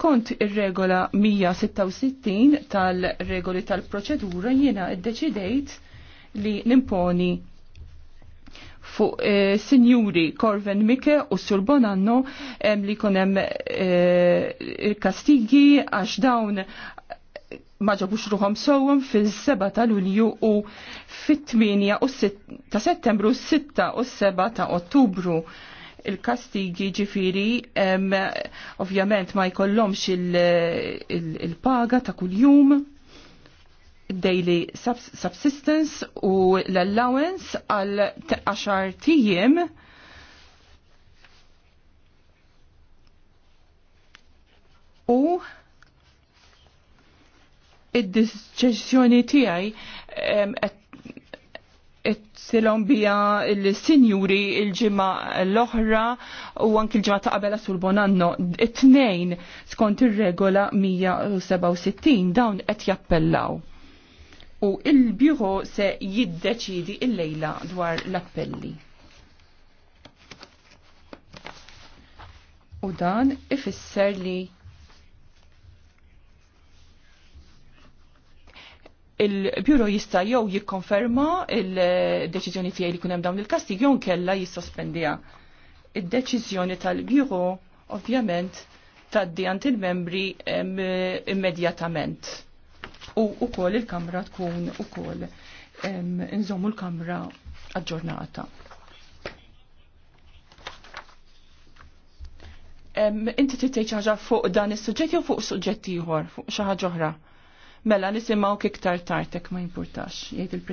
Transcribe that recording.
skont ir-regola 166 tal-regoli tal-proċedura jiena id-deċidejt li nimponi fuq eh, sinjuri Corven Mike u Sur Bonanno em, li konem eh, il kastigi għax dawn ma ġabux ruħom sowom fil-7 ta' Lulju u fit-8 ta' Settembru, 6 u 7 ta' Ottubru il-kastigi ġifiri ovvjament ma jkollomx il-paga ta' kuljum daily subsistence u l-allowance għal 10 tijiem u id-disċessjoni tijaj qed it-silom bija il-sinjuri il-ġimma l-oħra u anki il-ġimma ta' qabela sul bonanno it-tnejn skont ir-regola 167 dawn qed jappellaw. U il-bjuħu se jiddeċidi il-lejla dwar l-appelli. U dan ifisser li il-Bjuro jista' jew jikkonferma il-deċiżjoni tiegħi li kun hemm dawn il kasti jew kella jissospendiha. Id-deċiżjoni tal-Bjuro ovvjament taddi għand il-membri immedjatament. U ukoll il-kamra tkun ukoll inżommu l-kamra aġġornata. Inti titgħid ħaġa fuq dan is-suġġett jew fuq suġġett ieħor, fuq xi ħaġa oħra. Mela nisimgħu kiktar tartek ma importax. jgħid il